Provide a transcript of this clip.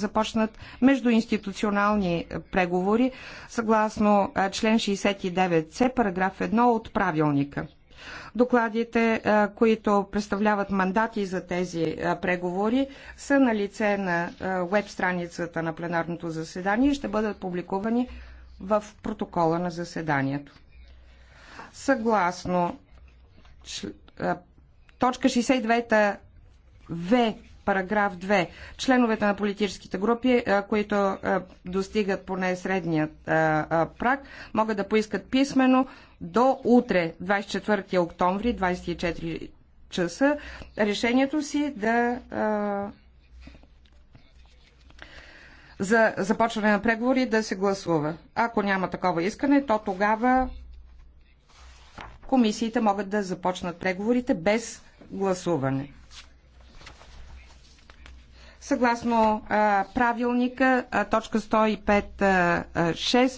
започнат междуинституционални е, преговори съгласно е, член 69c, параграф 1 от правилника. Докладите, е, които представляват мандати за тези преговори, са на лице на веб страницата на пленарното заседание и ще бъдат публикувани в протокола на заседанието. Съгласно точка 62 В Параграф 2. Членовете на политическите групи, които достигат поне средният прак, могат да поискат писмено до утре, 24 октомври, 24 часа, решението си да за започване на преговори да се гласува. Ако няма такова искане, то тогава комисиите могат да започнат преговорите без гласуване. Съгласно правилника, точка 105.6